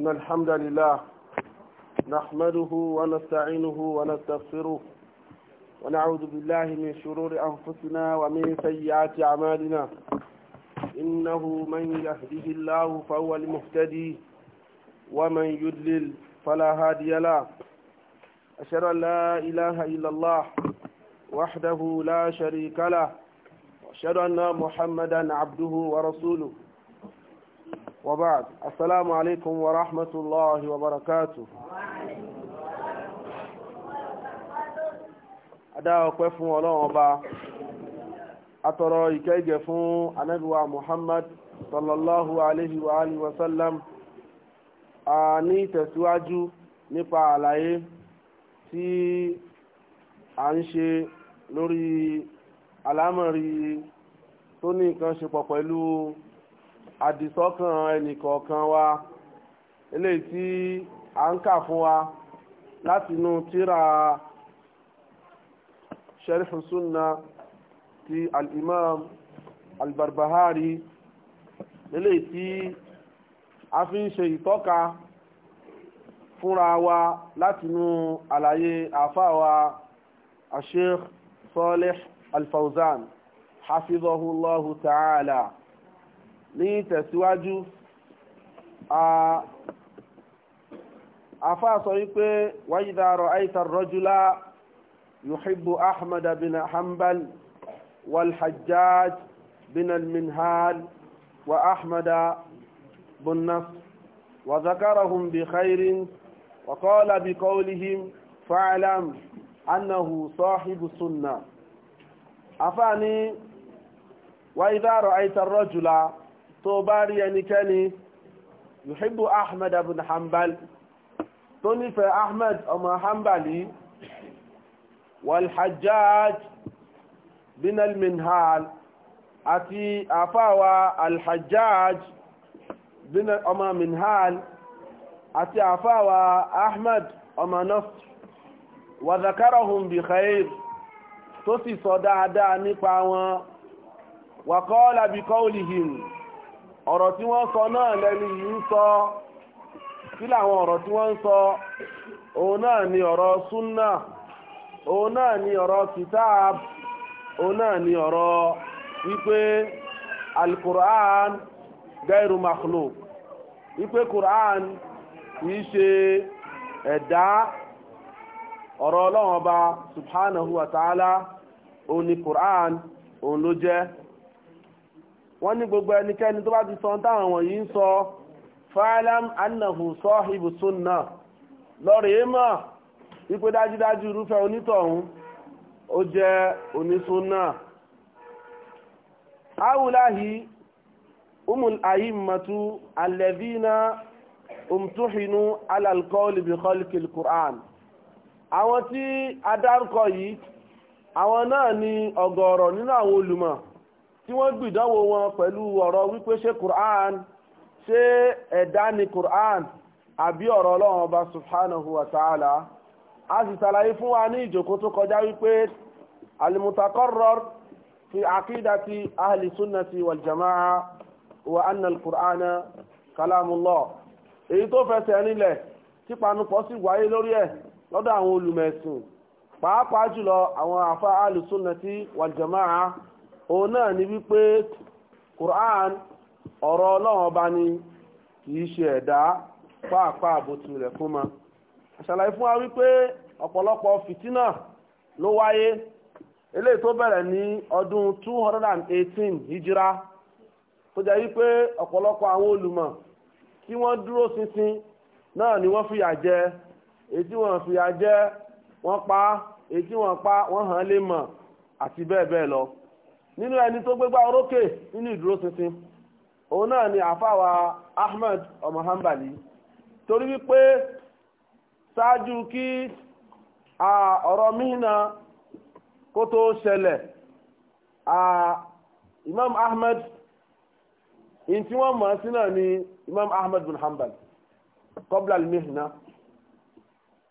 إن الحمد لله نحمده ونستعينه ونستغفره ونعوذ بالله من شرور أنفسنا ومن سيئات أعمالنا إنه من يهده الله فهو المهتدي ومن يدلل فلا هادي له أشهد أن لا إله إلا الله وحده لا شريك له وأشهد أن محمدا عبده ورسوله وبعد السلام عليكم ورحمة الله وبركاته adáwọ̀ pẹ́ fún ọlọ́run ọba atọrọ ìkẹ́gẹ̀ fún anábíwá muhammad sallallahu alaihi wa alihi wa sallam a ní tẹ̀síwájú nípa àlàyé tí a ń ṣe lórí alámọ̀rí tó ní nǹkan ṣe pọ̀ pẹ̀lú àdìsọ́kàn ẹnìkọ̀ọ̀kan wa eléyìí tí a ń kà fún wa látinú tíra sharh sunna ti al-imam al-barbahari eléyìí tí a fi ń ṣe ìtọ́ka fúnra wa látinú àlàyé àfáà wa al-sheikh al-fawzan hafidhahu allahu ta'ala. ní tẹ̀síwájú àfáà sọ wípé wáyídá rọ àìsàn rọ́júlá yuhibbu ahmad bin hanbal والحجاج بن المنهال وأحمد بن نصر وذكرهم بخير وقال بقولهم فاعلم أنه صاحب السنة أفاني وإذا رأيت الرجل tó bá rí ẹnikẹ́ni yuhibbu ahmed ibn hanbal tó nífẹ̀ẹ́ ahmed ọmọ hanbali walhajjaj bin al-minhal àti àfáwà alhajjaj bin ọmọ minhal àti àfáwà ahmed ọmọ nasr wa zakarahum bi khair tó sì sọ dáadáa nípa wọn wa qala bi qawlihim ọ̀rọ̀ tí wọ́n sọ náà lẹ́ni yìí ń sọ sí làwọn ọ̀rọ̀ tí wọ́n ń sọ òun náà ni ọ̀rọ̀ súnà òun náà ni ọ̀rọ̀ kitab òun náà ni ọ̀rọ̀ wípé alukur'an gairu makhluk wípé kur'an kìí ṣe ẹ̀dá ọ̀rọ̀ ọlọ́wọ́n ọba subhanahu wa ta'ala òun ni kur'an òun ló jẹ́ wọ́n ní gbogbo ẹnikẹ́ni tó bá ti sọ táwọn wọ̀nyí ń sọ fàálàm annahu sọ́hìbù súnà lọ́rọ̀ yé mọ̀ wípé dájúdájú irúfẹ́ onítọ̀hún ó jẹ́ onísúnà áwùláhì umul ayimmatu alẹ́bínà umtuhinu alalkọ́ọ̀lì bí quran àwọn tí adárúkọ yìí àwọn náà ni ọ̀gọ̀ọ̀rọ̀ nínú àwọn olùmọ̀ tí wọ́n gbìdánwò wọn pẹ̀lú ọ̀rọ̀ wípé ṣé Qur'an ṣé ẹ̀dá ni Qur'an àbí ọ̀rọ̀ ọlọ́run ọba subhanahu wa ta'ala a sì ṣàlàyé fún wa ní ìjòkó tó kọjá wípé alimutakarrar fi aqidati ahli sunnati wal jama'a wa anna al-Qur'ana kalamullah èyí tó fẹsẹ̀ nílẹ̀ tí panupọ̀ sì wáyé lórí ẹ̀ lọ́dọ̀ àwọn olùmẹ̀sìn pàápàá jùlọ àwọn àfa ahli sunnati wal jama'a òun náà ni wípé Quran ọ̀rọ̀ ọlọ́run ọba ni kìí ṣe ẹ̀dá pàápàá àbòtú rẹ̀ fún ma ṣàlàyé fún wa wípé ọ̀pọ̀lọpọ̀ fìtínà ló wáyé eléyìí tó bẹ̀rẹ̀ ní ọdún two hijira tó jẹ́ wípé ọ̀pọ̀lọpọ̀ àwọn olùmọ̀ tí wọ́n dúró náà ni wọ́n fìyà jẹ èyí tí fìyà pa èyí wọn pa wọ́n hàn le lé mọ̀ àti bẹ́ẹ̀ bẹ́ẹ̀ nínú ẹni tó gbégbá orókè nínú ìdúróṣinṣin òun náà ni àfàwà Ahmed ọmọ Hanbali torí wípé ṣáájú kí ọ̀rọ̀ Mihna kó tó ṣẹlẹ̀ Imam Ahmed in tí wọ́n mọ̀ sí náà ni Imam Ahmed bin Hanbal qabla al-Mihna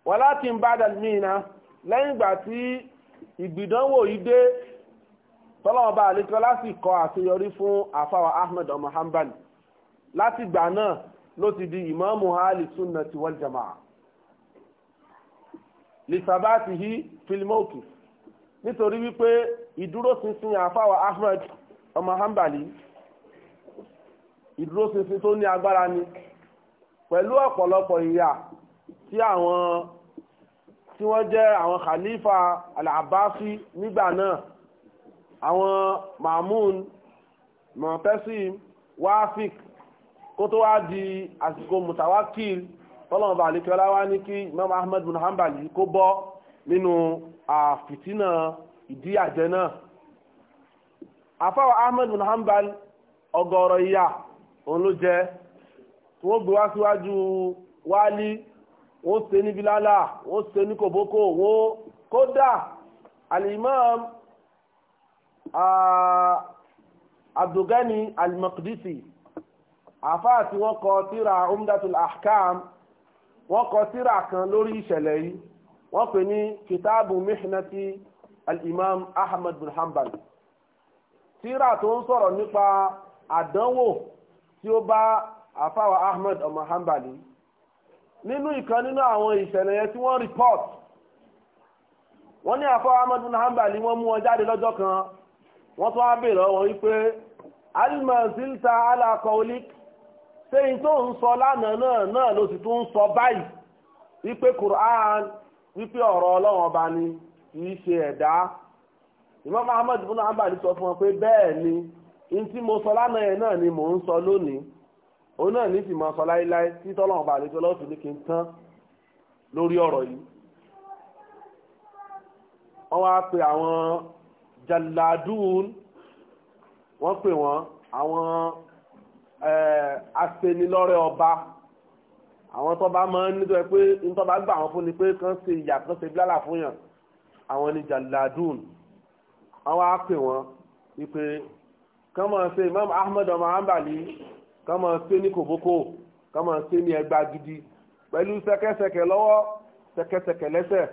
walakin ba'da al-Mihna lẹ́yìn ìgbà tí ìgbìdánwò yìí dé tọ́lọ́wọ́n bá àlejò láti kọ àṣeyọrí fún àfáwà ahmed ọmọ hanbal láti gbà náà ló ti di ìmáàmù ahli sunnati wal jamaa lisabatihi hi mawqif nítorí wípé ìdúróṣinṣin àfáwà ahmed ọmọ hanbali ìdúróṣinṣin tó ní agbára ni pẹ̀lú ọ̀pọ̀lọpọ̀ ìyà tí àwọn tí wọ́n jẹ́ àwọn khalifa al-abbasi nígbà náà àwọn Mamun Mu'tasim Wafik kó tó wá di àsìkò mutawakil tọ́lọ̀mù bá àlékẹ́ ọlá wá ní kí Imam Ahmad bin Hanbal yìí kó bọ́ nínú àfìtínà ìdíyàjẹ náà àfáwà Ahmad bin Hanbal ọgọ́rọ̀ ìyà òun ló jẹ tí wọ́n gbé wá síwájú wálí wọ́n ṣe ní bílálà wọ́n ṣe ní kòbókò wọ́n kódà al-Imam abdulgani al-maqdisi àfáà tí wọ́n kọ tírà umdatul ahkam wọ́n kọ tírà kan lórí ìṣẹ̀lẹ̀ yìí wọ́n pè ní kitabu mihnati al-imam ahmad bin hanbal tírà tó ń sọ̀rọ̀ nípa àdánwò tí ó bá àfáwà ahmad ọmọ hanbal yìí nínú ìkan nínú àwọn ìṣẹ̀lẹ̀ yẹn tí wọ́n report wọ́n ní àfáwà ahmad bin hanbal yìí wọ́n mú wọn jáde lọ́jọ́ kan wọ́n tún á bèèrè wọn wípé almazilta alakọlik sẹ́yìn tó ń sọ lánàá náà náà ló sì tún ń sọ báyìí wípé Qur'an wípé ọ̀rọ̀ Ọlọ́run ọba ni kì í ṣe ẹ̀dá Imam Ahmad ibn Hanbal sọ fún wọn pé bẹ́ẹ̀ ni n tí mo sọ lánàá yẹn náà ni mò ń sọ lónìí òun náà ní sì máa sọ láéláé tí tọ́lọ́run ọba àlejò ọlọ́sùn ní kí n tán lórí ọ̀rọ̀ yìí wọ́n wá pe àwọn jalladun wọ́n pè wọ́n àwọn aṣenilọ́rẹ̀ ọba àwọn tó bá máa ń nítorí pé nítorí bá gbà wọ́n fún ni pé kán ṣe ìyà kán ṣe bílálà fún yàn àwọn ni jalladun àwọn á pè wọ́n wípé kán máa ṣe Imam Ahmed ọmọ Hanbali kán máa ṣe ní kòbókò kán máa ṣe ní ẹgbàá gidi pẹ̀lú ṣẹ̀kẹ̀ṣẹ̀kẹ̀ lọ́wọ́ ṣẹ̀kẹ̀ṣẹ̀kẹ̀ lẹ́sẹ̀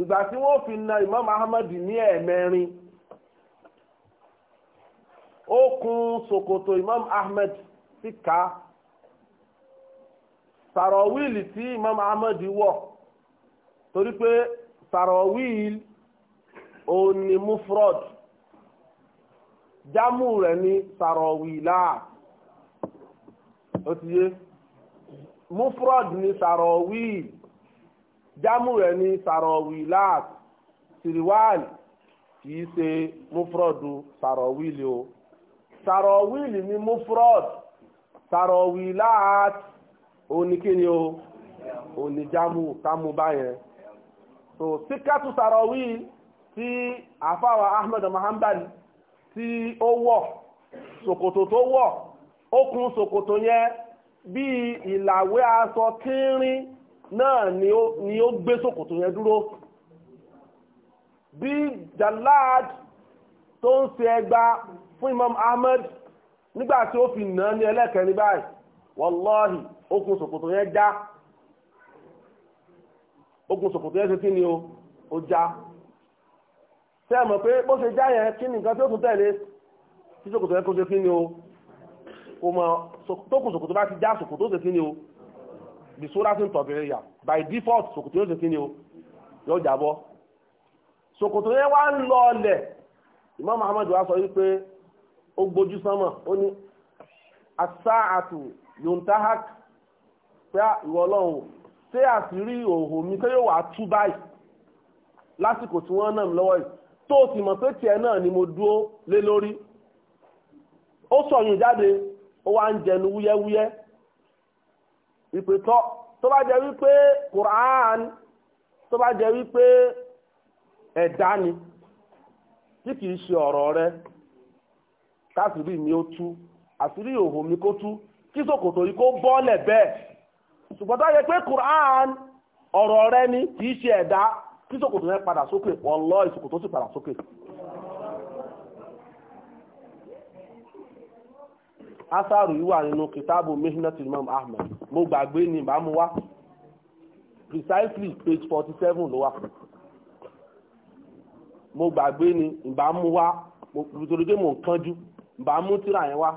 ìgbà tí wọ́n fi na Imam Ahmed ní ẹ̀ẹ̀mẹrin ó kùn ṣòkòtò Imam Ahmed síka sàrọ̀wíìlì tí Imam Ahmed wọ̀ torí pé sàrọ̀wíìlì òun ni mufrod jámù rẹ̀ ni sàrọ̀wìlà ó ti yé mufrod ni sàrọ̀wíìlì. Jamu rẹ̀ ní sàrọ̀wìláàt siriwáàlì kì í ṣe múfúrọ́dù sàrọ̀wìlì o sàrọ̀wìlì ní múfúrọ́dù sàrọ̀wìláàt oníkíni o oníjámù támú báyẹn so síkàtù sàrọ̀wìlì tí àfáwà ahmed mahamdan tí ó wọ̀ ṣòkòtò tó wọ̀ okùn ṣòkòtò yẹn bíi ìlàwé aṣọ tínrín náà ni ó gbé sòkòtò yẹn dúró bí jalad tó ń ṣe ẹgba fún Imam Ahmed nígbà tí ó fi nà ní ẹlẹ́kẹ̀rin báyìí wàláhì okùn sòkòtò yẹn já okùn sòkòtò yẹn ṣe kí ni o ó já tẹ́ ẹ mọ̀ pé bó ṣe já yẹn kí ni nǹkan tí ó tún tẹ̀lé tí sòkòtò yẹn kó ṣe kí ni o kò mọ̀ tókùn sòkòtò bá ti já sòkòtò ó ṣe kí ni o. The solar system is not working by default. Sokoto ya nwanne o. Nyo dị abọ. Sokoto ya nwanne si nke o. Nyo dị Sokoto ya nwanne si nke o. Imaam ahmad wa sọọ yi pe o sama o ni asa atu yontahaak taa iro ọlọrunwụn, se asịrị oho mi se yoo wà atu bayi lasiko siwọn na m lọwọ yi. to o si pe eti naa ni mo du o lelori. O sọ yun jáde, o wa njenu wuyé wuyé. ìpè tọ́ tó bá jẹ́ wípé Quran tó bá jẹ́ wípé ẹ̀dá ni tí ṣe ọ̀rọ̀ rẹ káṣírí mi ó tú àṣírí òhò mi kó tú kí ṣòkòtò yìí kó bọ́ọ̀lẹ̀ bẹ́ẹ̀ ṣùgbọ́n tó pé rẹ ni kìí ṣe ẹ̀dá kí ṣòkòtò yẹn padà sókè wallahi sì padà sókè. asaru yìí wà nínú kitabu mihnat imam ahmed mo gbàgbé ní ìbámu wá precisely page forty seven ló wà mo gbàgbé ní ìbámu wá nítorí pé mo ń kánjú mu tíra yẹn wá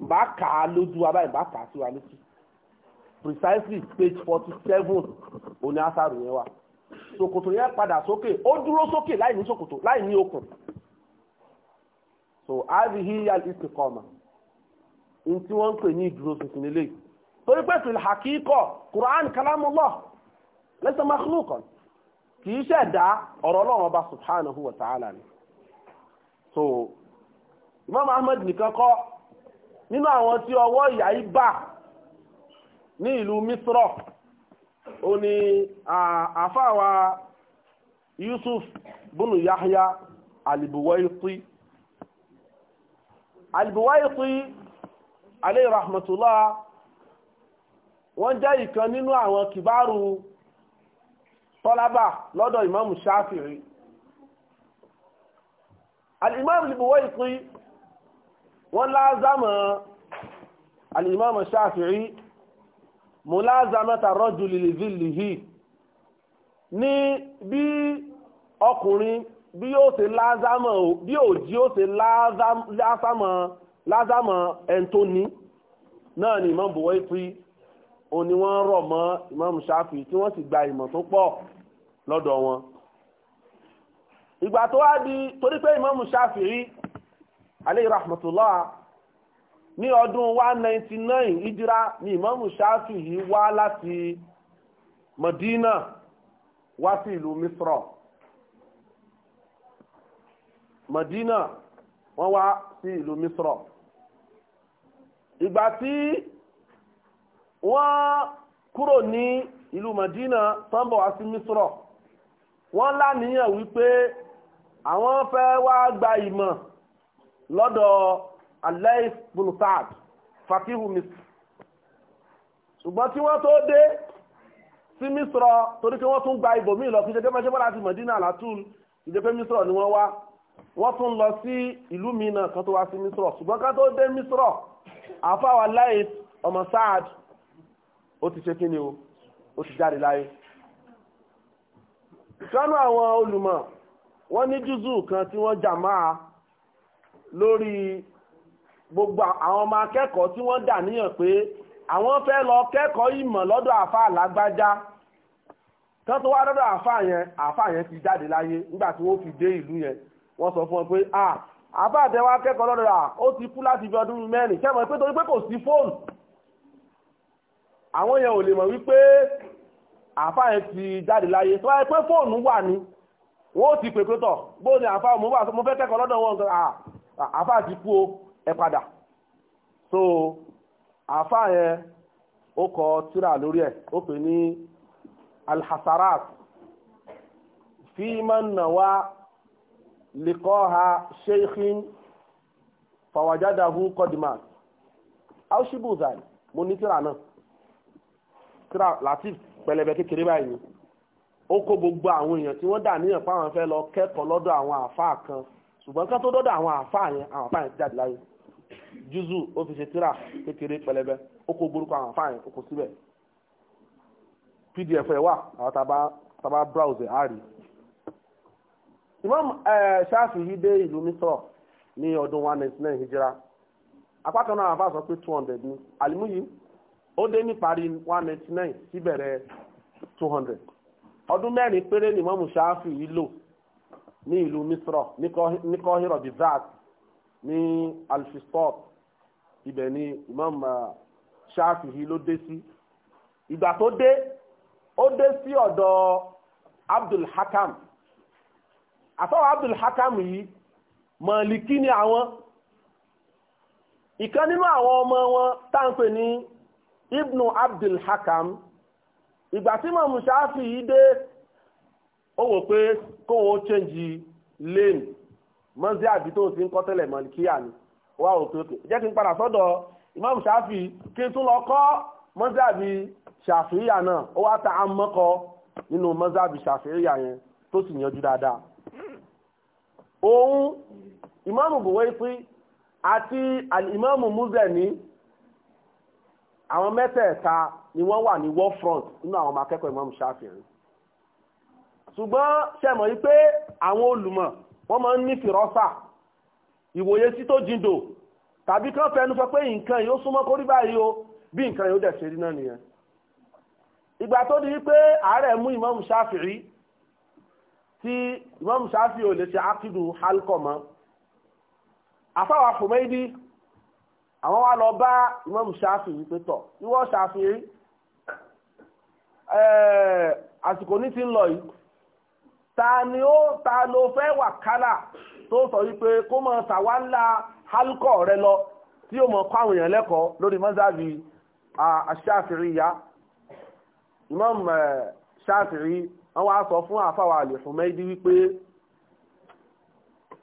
ìbá kà á lójú wa báyìí ìbá kà á sí wa létí precisely page forty seven òní asaru yẹn wà ṣòkòtò yẹn padà sókè ó dúró sókè láì ní ṣòkòtò láì ní okùn so azihi al istiqama ní tí wọ́n ń pè ní ìdúró tuntun nílé torí pé fil hakíkọ̀ Quran kalamullah laysa makhluqan kì í ṣẹ̀dá ọ̀rọ̀ Ọlọ́run ọba subhanahu wa ta'ala ni so Imam Ahmed nìkan kọ́ nínú àwọn tí ọwọ́ ìyá yìí bà ní ìlú Misro ó ní àfáwà Yusuf bunu Yahya alibuwaiti alibuwaiti alẹ́ rahmatullah wọ́n jẹ́ ìkan nínú àwọn kìbáàrù tọ́lábà lọ́dọ̀ ìmáàmù Ṣáfi'í alìmáàmù al-Buwayqi wọ́n lázámọ̀ alìmáàmù Ṣáfi'í mùlázámẹ́ta rajuli li zillihi ní bí ọkùnrin bí yóò ṣe lázámọ̀ lázàmọ̀ ẹni tó ní náà ni Imam Buwayti òun ni wọ́n rọ̀ mọ́ Imam Shafi tí wọ́n sì gba ìmọ̀ tó pọ̀ lọ́dọ̀ wọn. ìgbà tó wá di torí pé Imam Shafi rí aleyhi rahmatullah ní ọdún one ninety nine ìdíra ni Imam Shafi yìí wá láti Madina wá sí ìlú Misra Madina wọ́n wá sí ìlú misro ìgbà tí wọ́n kúrò ní ìlú madina tán bọ̀ wá sí misro wọ́n láníyàn wípé àwọn fẹ́ wá gba ìmọ̀ lọ́dọ̀ alais bin fatihu misr ṣùgbọ́n tí wọ́n tó dé sí misro torí pé wọ́n tún gba ibòmí lọ kí ṣe pé bọ́lá ti madina látún ìdẹ́pẹ́ misro ni wọ́n wá wọ́n tún lọ sí ìlú mi náà kan tó wá sí misrọ̀ ṣùgbọ́n ká tó dé misrọ̀ àfáwà láì ọmọ Saad ó ti ṣe kíni o ó ti jáde láyé sọ́nà àwọn olùmọ̀ wọ́n ní júzù kan tí wọ́n jà máa lórí gbogbo àwọn ọmọ akẹ́kọ̀ọ́ tí wọ́n dà níyàn pé àwọn fẹ́ lọ kẹ́kọ̀ọ́ ìmọ̀ lọ́dọ̀ àfáà lágbájá tán tó wá lọ́dọ̀ àfáà yẹn àfáà yẹn ti jáde láyé nígbà tí wọ́n fi dé ìlú yẹn wọ́n sọ fún ọ pé à àbáàtẹ̀wá akẹ́kọ̀ọ́ lọ́dọ̀ rà ó ti kú láti fi ọdún mẹ́rin kẹ́mọ̀ pé torí pé kò sí fóònù àwọn èèyàn ò lè mọ̀ wípé àáfà yẹn ti jáde láyé tó wáyé pé fóònù wà ní wọ́n ó ti pè pé tọ̀ bó ni àáfà mo wà mo fẹ́ kẹ́kọ̀ọ́ lọ́dọ̀ wọn àáfà ti kú o ẹ padà so àáfà yẹn ó kọ tírà lórí ẹ̀ ó pè ní alhassarat fíìmọ̀ náà لقاها شيخ فوجده قد مات أو شبه ذلك mo ní tíra náà tíra latif pẹlẹbẹ kékeré báyìí ni ó kó gbogbo àwọn èèyàn tí wọ́n dà níyàn pé àwọn fẹ́ lọ kẹ́kọ̀ọ́ lọ́dọ̀ àwọn àáfàá kan ṣùgbọ́n ká tó dọ́dọ̀ àwọn àáfàá yẹn àwọn àáfàá yẹn ti jáde láyé júzù ó fi ṣe tíra kékeré pẹlẹbẹ ó kó gbórúkọ àwọn àáfàá yẹn ó kó síbẹ̀ pdf ẹ̀ wà àwọn tá a bá browse ẹ̀ á rí i imam ṣáfi'í eh, dé ìlú misra ní ọdún one ninety nine hijira apá kan náà àbá sọ pé two hundred ni alimuyi ó dé níparí one ninety nine sí bẹ̀rẹ̀ two hundred ọdún mẹ́rin péré ni imam ṣáfi'í lò ní ìlú misra ní kọ́hírọ̀ bizat ní alfistot ibẹ̀ ni imam ṣáfi'í eh, ló dé sí ìgbà tó dé ó dé sí ọ̀dọ̀ abdul hakam àfọwọ́ Abdul Hakam yìí mọ̀lìkí ni àwọn ìkan nínú àwọn ọmọ wọn táǹpẹ̀ ní Ibnu Abdul Hakam ìgbà tí mọ̀mù ṣáfì yìí dé ó wò pé kóun ó chẹ́ǹjì lane mọ́sí àbí tó ti ń kọ́ tẹ́lẹ̀ mọ̀lìkíyà ni wá òkè òkè jẹ́ kí n padà sọ́dọ̀ Imam ṣáfì kí n tún lọ kọ́ mọ́sí àbí ṣàfìyà náà ó wá ta àmọ́kọ nínú mọ́sí àbí ṣàfìyà yẹn tó sì yanjú dáadáa òun imamu Buwaisi àti ìmáàmù Muzani àwọn mẹ́tẹ̀ẹ̀ta ni wọ́n wà ní war front nínú àwọn ọmọ akẹ́kọ̀ọ́ ìmáàmù Shafi'i ṣùgbọ́n ṣẹ̀mọ̀ yí pé àwọn olùmọ̀ wọ́n máa ń ní fìrọ́sà ìwòye sí tó jindò tàbí kán fẹnu sọ pé nǹkan yóò súnmọ́ kórí báyìí o bí nǹkan yóò dẹ̀ ṣe rí náà nìyẹn ìgbà tó di wípé ààrẹ mú ìmáàmù Shafi'i tí imam shafi ò lè ṣe akidu halkọ mọ́ afáwà fòmẹ́dì àwọn wa lọ bá imam shafi wípé tọ̀ ìwọ shafi rí àsìkò ní ti ń lọ yìí ta ni ó ta ló fẹ́ wà kálà tó sọ wípé kó mọ tàwa ńlá halkọ rẹ lọ tí yóò mọ kọ́ àwọn èèyàn lẹ́kọ̀ọ́ lórí mọ́sáàbì àṣàfihàn imam shafi rí wọ́n wá sọ fún àfàwà àlèfún mẹ́dí wípé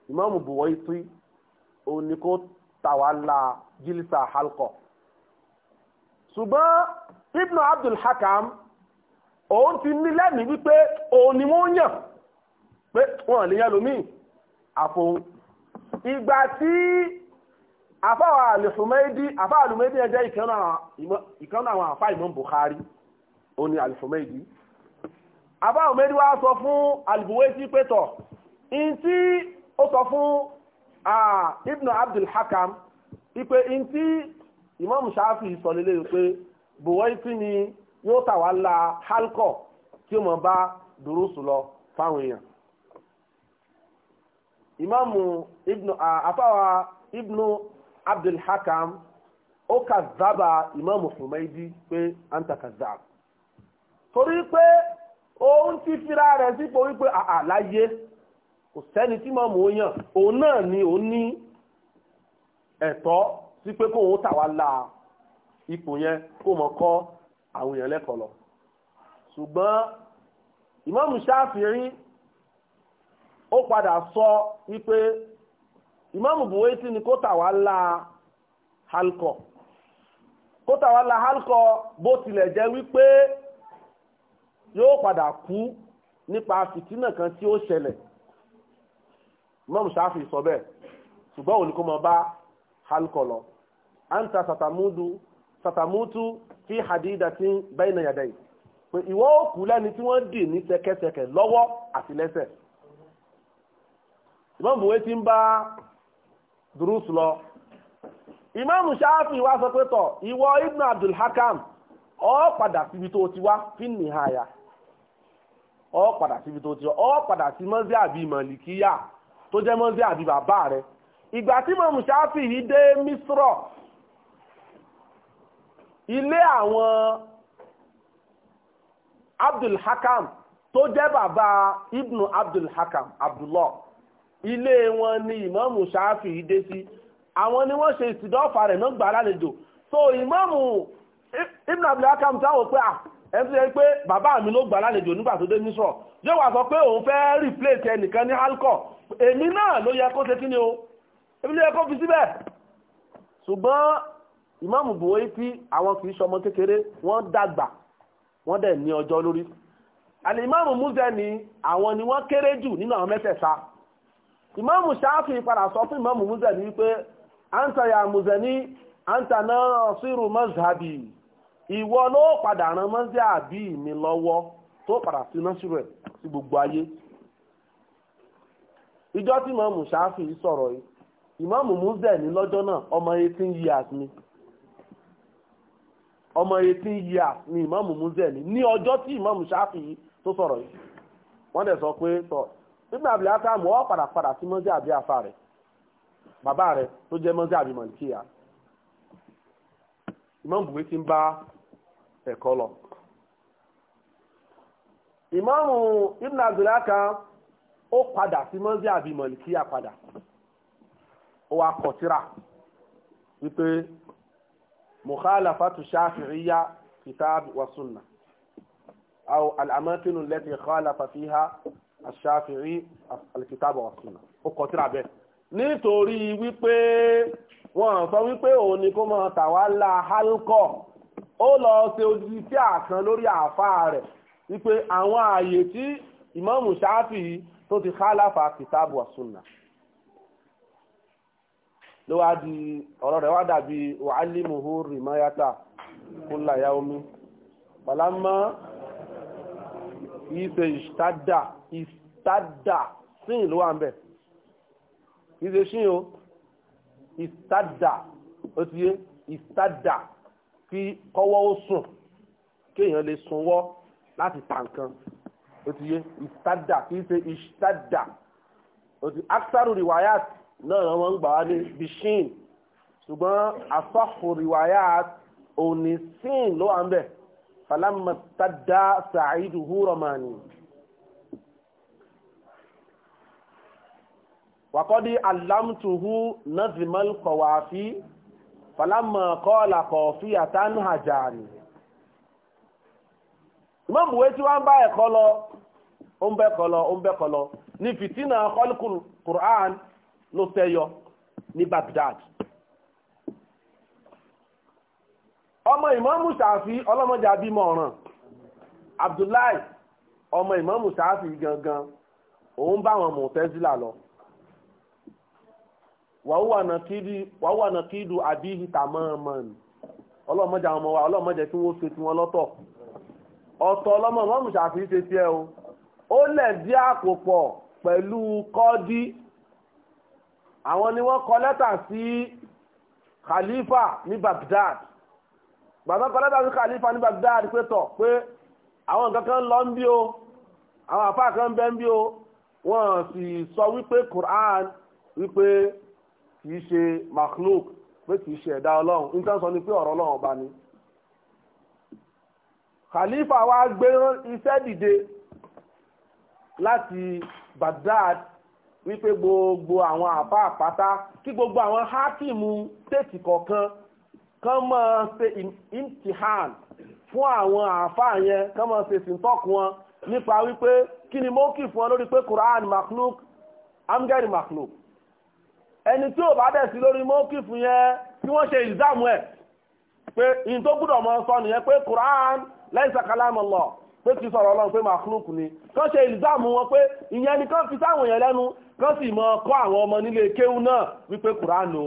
ìmáàmù bùwọ́ ìtì òun ni kó tàwálà jílísà halkọ̀ ṣùgbọ́n ibnu abdul hakam òun ti ní lẹ́mìí wípé òun ni wọ́n yàn pé wọ́n lè yàn lómìn àfohun ìgbà tí àfáwà alìfòmẹ́dí àfáà alìmẹ́dí ẹjẹ́ ìkànnà àwọn àfáà ìmọ̀ bukhari òun ni alìfòmẹ́dí àbá òmẹ́rí wá sọ fún alìbúwẹ́sí pẹ́tọ̀ in ó sọ fún ibn abdul hakam ipe in tí imam shafi sọ lélẹ̀ pé buwẹ́sí ni yóò tà wá la halkọ tí ó mọ̀ bá dùrúsù lọ fáwọn èèyàn imam ibn ibn abdul hakam ó kà zábà imam humaydi pé anta kazab torí pé òun ti fira rẹ̀ sípò wípé àláyé kò sẹ́ni tí mọ̀mọ́ ó yàn òun náà ni òun ní ẹ̀tọ́ sí pé kóun tà wá la ipò yẹn kó mọ̀ kọ́ àwọn èèyàn lẹ́kọ̀ọ́ lọ ṣùgbọ́n ìmọ̀mù ṣáfìrí ó padà sọ wípé ìmọ̀mù ni kó tà la halkọ̀ kó tà la halkọ̀ bó tilẹ̀ jẹ́ wípé. yóò padà kú nípa fìtínà kan tí ó ṣẹlẹ̀ mọ́mù sáfì sọ bẹ́ẹ̀ ṣùgbọ́n òní kó mọ bá halkọ lọ anta satamudu satamutu fi hadidatin bayna yaday pé ìwọ ó kú lẹ́ni tí wọ́n dì ní ṣẹ̀kẹ̀ṣẹ̀kẹ̀ lọ́wọ́ àti lẹ́sẹ̀ ìmọ̀mù wé ti ń bá durus lọ ìmọ̀mù sáfì wá sọ pé tọ̀ ìwọ ibn abdul hakam ọ padà síbi tó ti wá fínì àyà ọ padà síbi tó ti wá ọ padà sí mọ́sí àbí mọ̀lìkíyà tó jẹ́ mọ́sí àbí bàbá rẹ̀ ìgbà tí mọ̀mù ṣáfì yìí dé mísírọ̀ ilé àwọn abdulhakam tó jẹ́ bàbá ibnu abdulhakam abdullah ilé wọn ni ìmọ̀mù ṣáfì yìí dé sí àwọn ni wọ́n ṣe ìsìdọ́fà rẹ̀ náà gbà lálejò so ìmọ̀mù ibn abdulhakam táwọn pé à ẹ̀ ń sọ pé bàbá mi ló gbà lálejò nígbà tó dé nísọ̀ yóò wá sọ pé òun fẹ́ replace ẹnìkan ní alcohol èmi náà ló yẹ kó ṣe kí ni o èmi ló yẹ kó fi síbẹ̀ ṣùgbọ́n ìmáàmù buwé tí àwọn kì í ṣọmọ kékeré wọ́n dàgbà wọ́n dẹ̀ ní ọjọ́ lórí àlè ìmáàmù múzẹ ni àwọn ni wọ́n kéré jù nínú àwọn mẹ́tẹ̀ẹ̀ta ìmáàmù ṣááfì padà sọ fún ìmáàmù múzẹ ni wípé àǹtà ya múzẹ ní àǹtà náà sírù mọ́zàbì ìwọ ló padà ran mọ́sí àbí mi lọ́wọ́ tó padà sí sí gbogbo ayé ìjọ tí mọ̀mù ṣáfì sọ̀rọ̀ yìí ìmọ̀mù múzẹ̀ ní lọ́jọ́ náà ọmọ eighteen years ni ọmọ eighteen years ni ìmọ̀mù múzẹ̀ ni ní ọjọ́ tí ṣáfì tó sọ̀rọ̀ yìí wọ́n dẹ̀ sọ pé sọ nígbà àbílẹ̀ padà padà sí mọ́sí àbí rẹ̀ bàbá rẹ̀ tó jẹ́ mọ́sí àbí ti ń ẹ̀kọ́ lọ. ìmáàmù ibn abdulaka ó padà sí mọ́sí àbí mọ̀lìkíyà padà ó wá kọ̀tíra wípé mukhalafatu shafi'iyya kitab wa sunna aw al-amakinu allati khalafa fiha ash-shafi'i al-kitab wa sunna ó kọ̀tíra bẹ́ẹ̀ nítorí wípé wọ́n sọ wípé òun ni kó máa tàwa halkọ́ ó lọ ṣe ojú tí àkan lórí àáfàá rẹ̀ wípé àwọn ààyè tí ìmáàmù ṣáfì tó ti khalafa kìtàbù àsùnà ló wá di ọ̀rọ̀ rẹ̀ wá dàbí wàhálìmùhù rìmáyátà kúláyà omi pàlámọ́ ìṣe ìṣtádà ìṣtádà sín ló wà ń bẹ̀ ìṣe ṣín o ìṣtádà ó ti yé ìṣtádà kí kọ́wọ́ ó sùn kéèyàn lè sunwọ́ láti ta nǹkan ó ti yé ìsádà kì í ṣe ìsádà ó ti aksaru riwayat náà wọ́n ń gbà wá ní bishin ṣùgbọ́n asọ́fù riwayat òní sin ló wà ń bẹ̀ falama tada sa'idu huromani. wàkọ́dí alamtuhu nazimal kọ̀wáfí falamma kọ́ọ̀là kọ̀ọ̀fì àtànù àjàní ìmọ̀mù wé tí wọ́n bá ẹ̀kọ́ lọ ó ń bẹ́kọ̀ lọ ó ń bẹ́kọ̀ lọ ní fìtínà kọ́lùkù Qur'an ló ṣẹ̀yọ ní Baghdad ọmọ ìmọ̀mù sàfí ọlọ́mọdé abímọ ọ̀ràn Abdullahi ọmọ ìmọ̀mù sàfí gangan òun bá wọn Mu'tazila lọ wàhùwà nà kídù àbíhi tàmọ́ọ̀mọ́n ọlọ́mọdé àwọn ọmọ wa ọlọ́mọdé tí wọ́n ṣe tiwọn lọ́tọ̀ ọ̀tọ̀ ọlọ́mọ mọ́mù ṣàfi ṣe tiẹ̀ o ó lẹ̀ dí àpò pọ̀ pẹ̀lú kọ́dí àwọn ni wọ́n kọ lẹ́tà sí khalifa ní Baghdad gbàgbọ́n kọ lẹ́tà sí khalifa ní Baghdad pé tọ̀ pé àwọn nǹkan kan lọ ń bí o àwọn àfáà kan bẹ́ ń bí o wọ́n sì sọ wípé Quran wípé kì í ṣe makhluk pé kì í ṣe ẹ̀dá ọlọ́run ní tán sọ ni pé ọ̀rọ̀ ọlọ́run ọba ni. khalifa wa gbé iṣẹ́ dìde láti Baghdad wípé gbogbo àwọn àbá àpáta kí gbogbo àwọn hákìmù tètì kọ̀ọ̀kan kán máa ṣe imtihan fún àwọn àáfàá yẹn kán máa ṣe sìntọ́kù wọn nípa wípé kí ni mo kì fún ọ lórí pé Quran makhluk amgari makhluk ẹni tí ò bá dẹ̀ sí lórí mọ́kì fún yẹn tí wọ́n ṣe ìzámù ẹ̀ pé ìyìn tó gbúdọ̀ mọ́ sọ nìyẹn pé Quran laysa kalamullah pé kì í sọ̀rọ̀ ọlọ́run pé màkúlùkù ni kán ṣe ìzámù wọn pé ìyẹn ni kán fi sáwọn èèyàn lẹ́nu kán sì mọ kọ́ àwọn ọmọ nílé kéwú náà wípé Quran o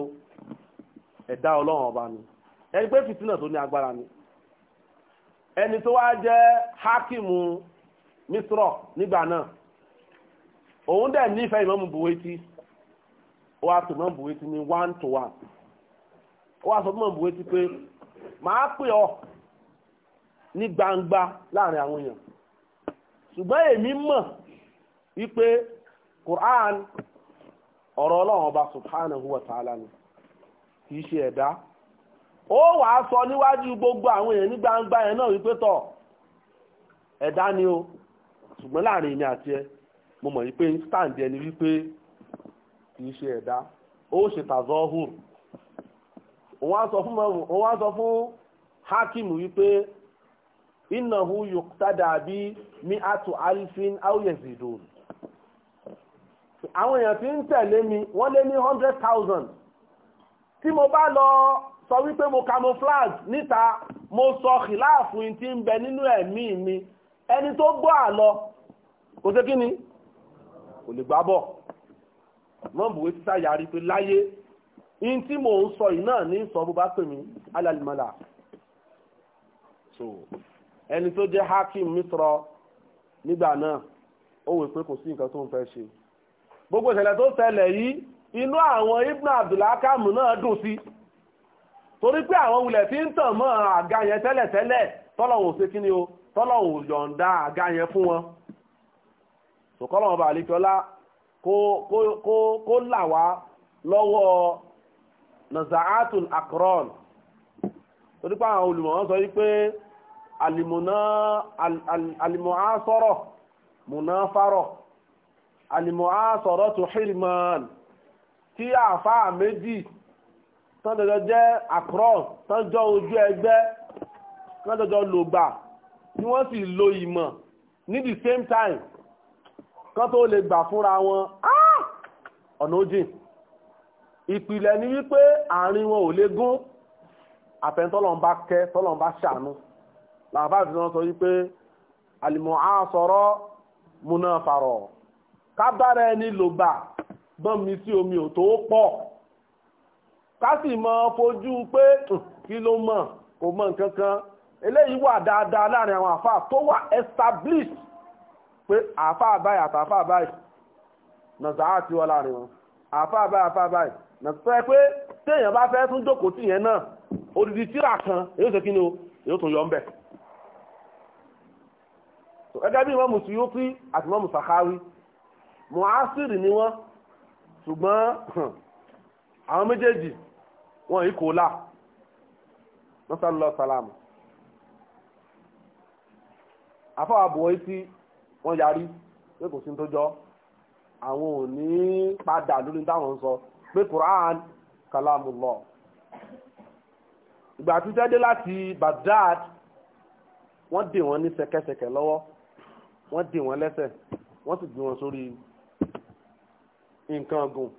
ẹ̀dá ọlọ́run ọba ni ẹni pé fìtínà tó ní agbára ni ẹni tó wá jẹ́ hákìmù mísírọ̀ nígbà náà òun dẹ̀ nífẹ̀ẹ́ ìmọ̀mù bùwẹ́tì wa sọ mọ̀ bùwé ti n'i one to one wa sọ mọ̀ bùwé ti pé màá pè ọ́ ní gbangba láàrin àwọn èèyàn ṣùgbọ́n èmi mọ̀ wípé Quran ọ̀rọ̀ ọlọ́run ọba subhanahu wa ta'ala ni kì í ṣe ẹ̀dá ó wàá sọ níwájú gbogbo àwọn èèyàn ní gbangba yẹn náà wípé tọ̀ ẹ̀dá ni o ṣùgbọ́n láàrin èmi àti ẹ mo mọ̀ wípé stand ẹni wípé kì í ṣe ẹ̀dá ó ṣe tazọ́hùr òun á sọ fún mọ́mù òun á sọ fún hakimu wípé innahu yuktada bí mi atu alifin auyezidun àwọn èèyàn tí ń tẹ̀lé mi wọ́n lé ní hundred thousand tí mo bá lọ sọ wípé mo camouflage níta mo sọ kìláàfù tí ń bẹ nínú ẹ̀mí mi ẹni tó gbọ́ àlọ kò sí kí ni kò lè gbá bọ̀ mọ́bùwé ti sáyàrí pé láyé in tí mò ń sọ yìí náà ní sọ bó bá pè mí alálìmọ́là so ẹni tó jẹ́ hakim misrọ nígbà náà ó wè pé kò sí nǹkan tó ń fẹ́ ṣe gbogbo ìṣẹ̀lẹ̀ tó ṣẹlẹ̀ yìí inú àwọn ibn abdulhakam náà dùn sí torí pé àwọn wulẹ̀ tí ń tàn mọ́ àga yẹn tẹ́lẹ̀tẹ́lẹ̀ tọ́lọ̀wọ̀n ṣe kí ni o tọ́lọ̀wọ̀n yọ̀ǹda àga yẹn fún wọn sòkọ́lọ̀wọ̀n bá àlejò ọlá kó kó kó là wá lọ́wọ́ nazaatul akron torí pé àwọn olùmọ̀ràn sọ wípé alimuna alimuasọ̀rọ̀ munafarọ̀ alimuasọ̀rọ̀ tó hirman tí àáfàá méjì tán jọjọ jẹ́ akron tán jọ ojú ẹgbẹ́ tán jọjọ lògbà tí wọ́n sì lo ìmọ̀ ní the same time kán tó lè gbà fúnra wọn ah! ọ̀nà ojì ìpìlẹ̀ ni wípé àárín wọn ò lè gún àfẹ́ntọ́lọ́n bá kẹ́ tọ́lọ́n bá ṣàánú làbá àti wọn sọ wípé àlìmọ̀ á sọ̀rọ̀ múná farọ̀ kábàárà ẹni lògbà gbọ́n mi sí omi ò tó pọ̀ ká sì mọ fojú pé kí ló mọ̀ kò mọ̀ nǹkan kan eléyìí wà dáadáa láàrin àwọn àfáà tó wà established pé àfa àbáyé àtàfa àbáyé nàzà àti wọlá rìn wọn àfa àbáyé àfa àbáyé nàzà pé téèyàn bá fẹ́ tún jókòó tì yẹn náà odidi tíra kan èyí ṣe kí ni o èyí tún yọ ń bẹ̀. gẹ́gẹ́ bí Imam Suyuti àti Imam Sakhawi muasiri ni wọ́n ṣùgbọ́n àwọn méjèèjì wọn yìí kò là wọ́n sá lọ sàlámù àfọwọ́ àbúwọ́ wọ́n yarí pé kò sí tó jọ àwọn ò ní padà lórí táwọn ń sọ pé Quran kalamullah ìgbà tó jáde láti Baghdad wọ́n dè wọ́n ní ṣẹ̀kẹ̀ṣẹ̀kẹ̀ lọ́wọ́ wọ́n dè wọ́n lẹ́sẹ̀ wọ́n sì gbé wọn sórí nǹkan ọ̀gùn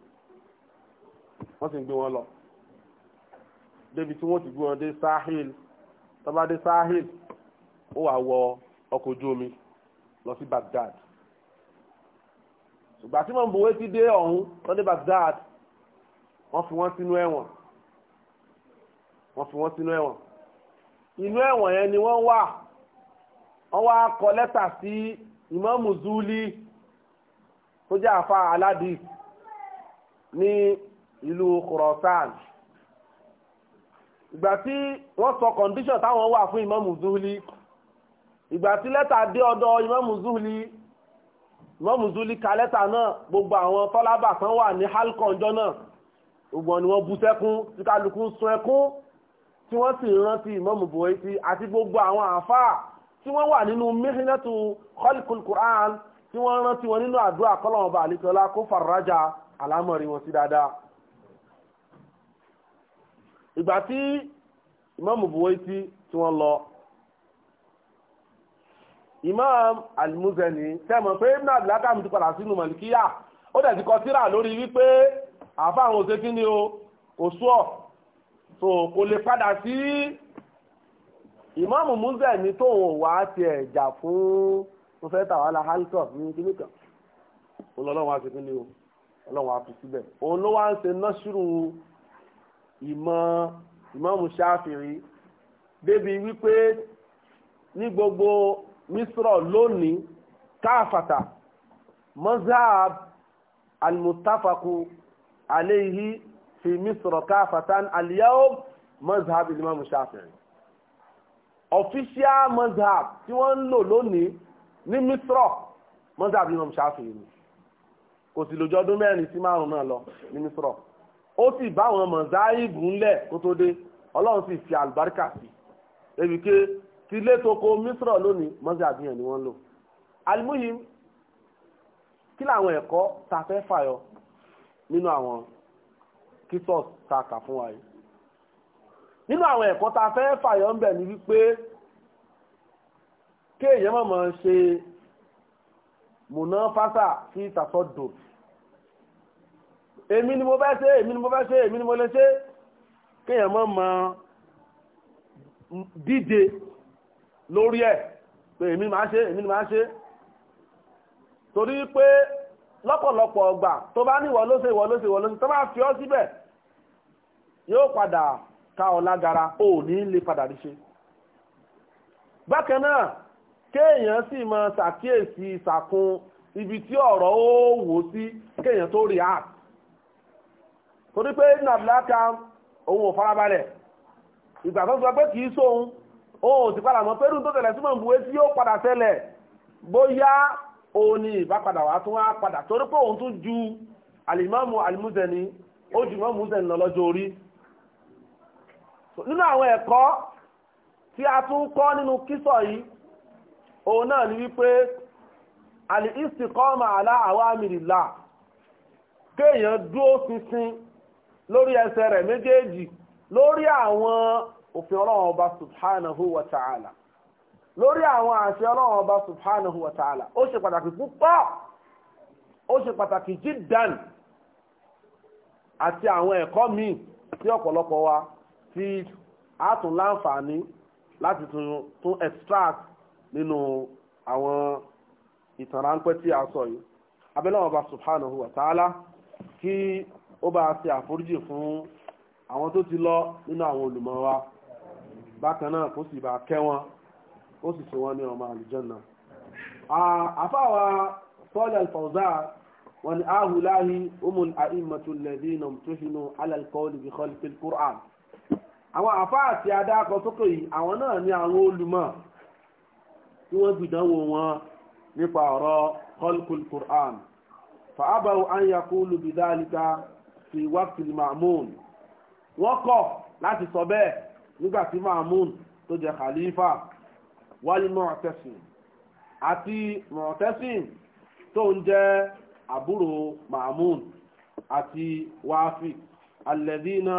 wọ́n sì gbé wọn lọ débi tí wọ́n ti gbé wọn dé sahil tó bá dé sahil ó wà wọ ọkọ̀ ojú omi lọ sí Baghdad ṣùgbọ́n tí wọ́n bọ̀ wé ti dé ọ̀hún wọ́n dé Baghdad wọ́n fi wọ́n sínú ẹ̀wọ̀n wọ́n fi wọ́n sínú ẹ̀wọ̀n inú ẹ̀wọ̀n yẹn ni wọ́n wà wọ́n wá kọ lẹ́tà sí Imam Zuli tó jẹ́ àfa aládì ní ìlú Khurasan ìgbà tí wọ́n sọ kọ̀ǹdíṣọ̀ táwọn wà fún Imam Zuli ìgbà tí lẹ́tà dé ọ̀dọ̀ ìmáàmù Zuhli ìmáàmù Zuhli ka lẹ́tà náà gbogbo àwọn tọ́lábà kan wà ní halkọ̀njọ́ náà ògbọ̀n ni wọ́n bu sẹ́kún tí kálukú sun ẹkún tí wọ́n sì rántí ìmáàmù Buwaiti àti gbogbo àwọn àáfàá tí wọ́n wà nínú mihinatu khalqul Qur'an tí wọ́n rántí wọn nínú àdúrà kọ́lọ̀mọba àlítọ́lá kó fàrájà àlámọ̀rí wọn sí dáadáa ìgbà tí ìmáàmù Buwaiti tí wọ́n lọ imam almuzani sẹ́mọ̀ pé ibn abdulakam ti padà sínú malikiya ó dẹ̀ ti kọ tírà lórí wípé àfa àwọn òṣèkí ni o kò sọ so kò lè padà sí imam muzani tóun wà á tiẹ̀ jà fún tó fẹ́ tà wàhálà halkov ní kíní kan olọ́lọ́wọ́ àti kíní o ọlọ́wọ́ àti síbẹ̀ òun ló wá ń ṣe nọ́ṣúrù ìmọ̀ ìmáàmù Ṣáfi'í débi wípé ní gbogbo misrọ̀ lónìí káfàtà mazhab almutafaku alayhi fi misrọ̀ káfàtàn al-yawm mazhab imam shafi'i official mazhab tí wọ́n ń lò lónìí ní misrọ̀ mazhab imam shafi'i ni kò sì lójú ọdún mẹ́rin sí márùn náà lọ ní misrọ̀ ó sì bá àwọn mọ̀záìbù ńlẹ̀ kó tó dé ọlọ́run sì fi àlùbáríkà sí ebi ké ti ilé toko misra lónìí mọ́sí àbíyàn ni wọ́n lò alimuhim kí làwọn ẹ̀kọ́ ta fẹ́ fàyọ nínú àwọn kisos ta kà fún wa yìí nínú àwọn ẹ̀kọ́ ta fẹ́ fàyọ ń bẹ̀ ni wípé kéèyàn mọ̀ mọ̀ ṣe mùnáfásà sí ìtàsọ́dò èmi ni mo fẹ́ ṣe èmi ni mo fẹ́ ṣe èmi ni mo lè ṣe kéèyàn mọ̀ díje lórí ẹ̀ pé èmi máa ṣe èmi máa ṣe torí pé lọ́pọ̀lọpọ̀ ọgbà tó bá ní ìwọ ló ṣe tó bá fi ọ́ síbẹ̀ yóò padà ka ọ̀ lágara ò ní lè padà rí ṣe bákan náà kéèyàn sì mọ ṣàkíyèsí ìṣàkun ibi tí ọ̀rọ̀ ó wò sí kéèyàn tó rí àt torí pé nàbìláka òun ò farabalẹ̀ ìgbà tó sọ pé kì í sóhun ó ti padà mọ̀ pẹ́rù tó tẹ̀lẹ̀ sí mọ̀bùwé tí ó padà tẹ́lẹ̀ bóyá òun ni ìbápadà wá tún wá padà torí pé òun tún ju alimọ́mù alimúzẹni ó ju mọ́mù zẹni lọ lọ́jọ́ orí nínú àwọn ẹ̀kọ́ tí a tún kọ́ nínú kísọ̀ yìí òun náà ni wípé al-istiqama ala awamirillah kéèyàn dúró ṣinṣin lórí ẹsẹ̀ rẹ̀ méjèèjì lórí àwọn òfin ọlọ́run ọba subhanahu wa ta'ala lórí àwọn àṣẹ ọlọ́run ọba subhanahu wa ta'ala ó ṣe pàtàkì púpọ̀ ó ṣe pàtàkì jiddan àti àwọn ẹ̀kọ́ míì tí ọ̀pọ̀lọpọ̀ wa ti a láǹfààní láti tún extract nínú àwọn ìtàn tí a sọ yìí ọba subhanahu wa ta'ala kí ó bá ṣe àforíjì fún àwọn tó ti lọ nínú àwọn bákan náà kó sì bá kẹ́ wọn ó sì ṣe wọn ní ọmọ àlùjànnà àfáwà sọ́ọ̀lì alfọ̀zá wọn ni ahùláhi umul a'immatu alladhina mtuhinu ala alqawli bi khalqil qur'an àwọn àfáà àti adákọ̀ sókè yìí àwọn náà ni àwọn olùmọ̀ tí wọ́n gbìdánwò wọn nípa ọ̀rọ̀ khalqil qur'an fàábàwò an yakulu bidhalika fi waqtil ma'mun wọ́n kọ̀ láti sọ bẹ́ẹ̀ nígbà tí Ma'mun tó jẹ khalifa wálé Mu'tasim àti Mu'tasim tó ń jẹ àbúrò Ma'mun àti Wafi alladhina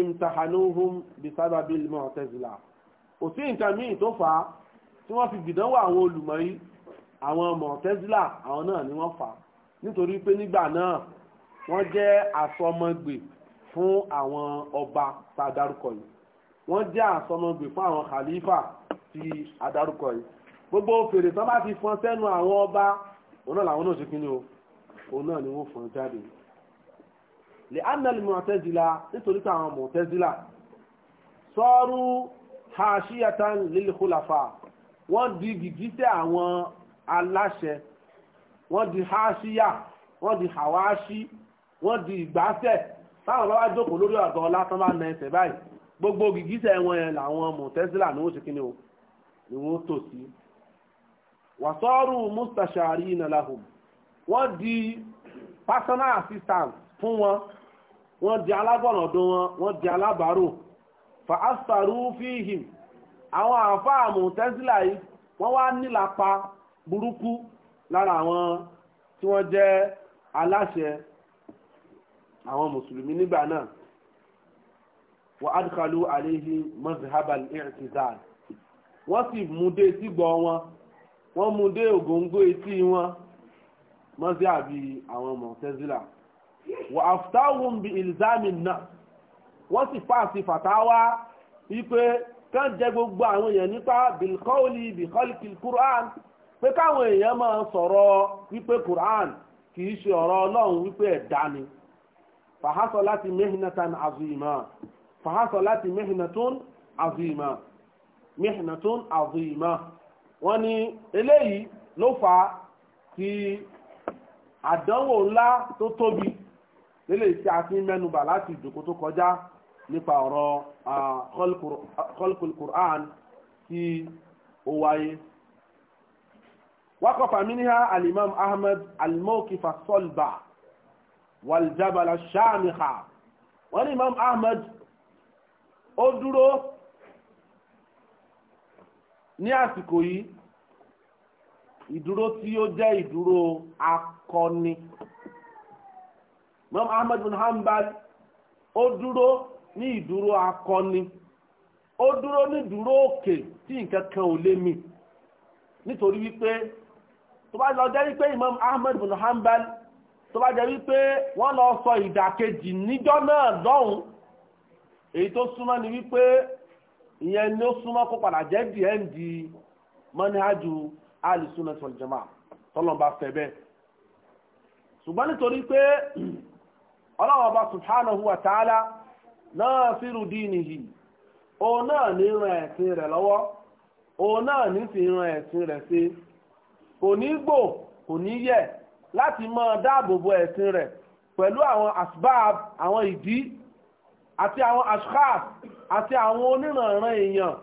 imtahanuhum bisababil Mu'tazila kò sí nǹkan míì tó fà á tí wọ́n fi gbìdánwò àwọn olùmọ̀ yìí àwọn Mu'tazila àwọn náà ni wọ́n fà á nítorí pé nígbà náà wọ́n jẹ́ àsọmọgbè fún àwọn ọba tá a dárúkọ yìí wọ́n jẹ́ àsọmọgbè fún àwọn khalifa ti adarúkọ yìí gbogbo fèrè tán bá ti fọn sẹ́nu àwọn ọba òun náà làwọn náà ṣe kí ni o òun náà ni wọ́n fọn jáde lè anàlì mọ̀tẹ́zìlá nítorí pé àwọn mọ̀tẹ́zìlá sọ́ọ́rù haṣíyàtàn lílìkúlàfà wọ́n di gìgísẹ̀ àwọn aláṣẹ wọ́n di haṣíyà wọ́n di hawaṣí wọ́n di ìgbásẹ̀ táwọn bá wá jókòó lórí ọ̀gá ọlá tán bá na ẹsẹ̀ báyìí gbogbo gìgísẹ̀ wọn yẹn làwọn mọ̀tẹ́sílà ni wọ́n ṣe kíni o ni wọ́n tò sí. wàsọ́rù mustasharina lahum wọ́n di personal assistant fún wọn wọ́n di alágbọ̀nọ̀dún wọn wọ́n di alábàárò fa asaru fihim àwọn àáfàá mọ̀tẹ́sílà yìí wọ́n wá nílapa burúkú lára àwọn tí wọ́n jẹ́ aláṣẹ àwọn mùsùlùmí nígbà náà wa adkalu alayhi mazhabal i'tizal wọ́n sì mú dé sígbọ́ wọn wọ́n mú dé ògóńgó etí wọn mazi abi àwọn mọ̀tẹ́sílà wa ọgwụ bi ilzami na. wọ́n sì pàṣẹ fàtàwá wípé kán jẹ gbogbo àwọn èèyàn nípa bilkọ́ọ̀lì bilkọ́ọ̀lì quran pé káwọn èèyàn máa sọ̀rọ̀ wípé quran kì í ṣe ọ̀rọ̀ ọlọ́run wípé ẹ̀dá ni fàhásọ̀ láti mihnatun azima mihnatun azima wọ́n ní eléyìí ló fà á ti àdánwò ńlá tó tóbi lélẹ̀ tí a fi mẹ́nubà láti ìdòkó tó kọjá nípa ọ̀rọ̀ khalqul Qur'an tí ó wáyé alimam ahmed almokifa waljabala shamiha wọ́n ní imam ahmed ó dúró ní àsìkò yìí ìdúró tí ó jẹ́ ìdúró akọni mọ́m ahmed bin hanbal ó dúró ní ìdúró akọni ó dúró ní ìdúró òkè tí nǹkan kan ò mi nítorí wípé tó bá lọ jẹ́ wípé imam ahmed bin hanbal jẹ́ wípé wọ́n lọ sọ ìdàkejì níjọ́ náà lọ́hùn èyí tó súnmọ́ ni wípé ìyẹn ni ó súnmọ́ kó padà jẹ́ díẹ̀ ń di mọ́níhájú alìsúnà tọ̀jọ́mà tọ́lọ́mbà fẹ́ bẹ́ẹ̀. ṣùgbọ́n nítorí pé ọlọ́wọ́ bá subhanahu wa ta'ala nasiru dinihi òun náà ní ran ẹ̀sìn rẹ̀ lọ́wọ́ òun náà ní sì ran ẹ̀sìn rẹ̀ sí kò ní gbò kò ní yẹ̀ láti máa dáàbò bo ẹ̀sìn rẹ̀ pẹ̀lú àwọn asbab àwọn ìdí àti àwọn ashkhas àti àwọn onírànran èèyàn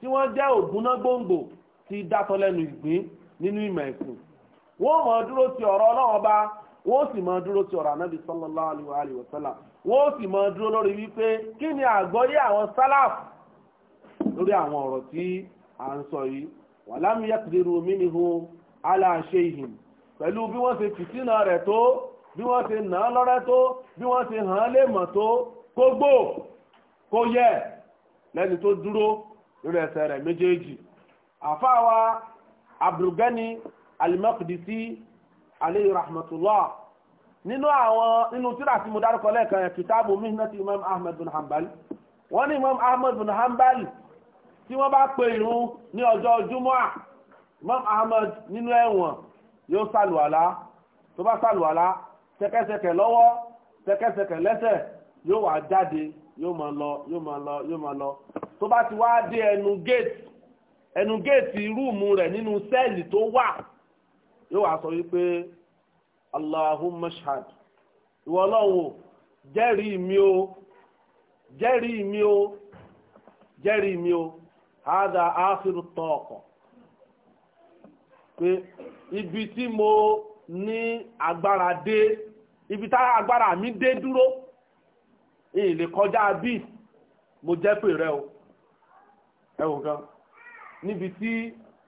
tí wọ́n jẹ́ ògúnná gbòǹgbò ti dátọ́ lẹ́nu ìgbín nínú ìmọ̀ ẹ̀sìn wọ́n mọ̀ dúró ti ọ̀rọ̀ ọlọ́run ọba wọ́n sì mọ̀ dúró ti ọ̀rọ̀ anábì sallallahu alaihi wa sallam wọ́n sì mọ̀ dúró lórí wípé kí ni àgbọ́yé àwọn sálàf lórí àwọn ọ̀rọ̀ tí à ń sọ yìí walam yaqdiru minhu ala shay'in pẹ̀lú bí wọ́n ṣe fìtínà rẹ̀ tó bí wọ́n ṣe nà án lọ́rẹ́ tó bí wọ́n ṣe hàn án lè mọ̀ tó kó gbó kó yẹ lẹ́ni tó dúró lórí ẹsẹ̀ rẹ̀ méjèèjì àfáwa abdulgani alimakudisi aleyhi rahmatulah nínú àwọn nínú tíra tí mo dárúkọ lẹ́ẹ̀kan yẹn kìtàbù mihnati imam ahmed bin hanbal wọ́n ní imam ahmed bin hanbal tí wọ́n bá pe ìrun ní ọjọ́ jumua imam ahmed nínú ẹ̀wọ̀n yóò sàlùwàlá tó bá sàlùwàlá sẹ̀kẹ̀sẹ̀kẹ̀ lọ́wọ́ sẹ̀kẹ̀sẹ̀kẹ̀ lẹ́sẹ̀ yóò wá jáde yóò máa lọ yóò máa lọ yóò máa lọ tó bá ti wá dé ẹnu géètì ẹnu géètì rúùmù nínú sẹ́ẹ̀lì tó wà yóò wá sọ wípé allahumma shahad ìwọ o jeri mi o jeri mi o mi o hada áfírù tọ́ọ̀kọ̀ pé ibi tí mo ní agbára dé ibi tá agbára mi dé dúró ìlè kọjá bí mo jẹ́ pè rẹ o ẹwù kan níbi tí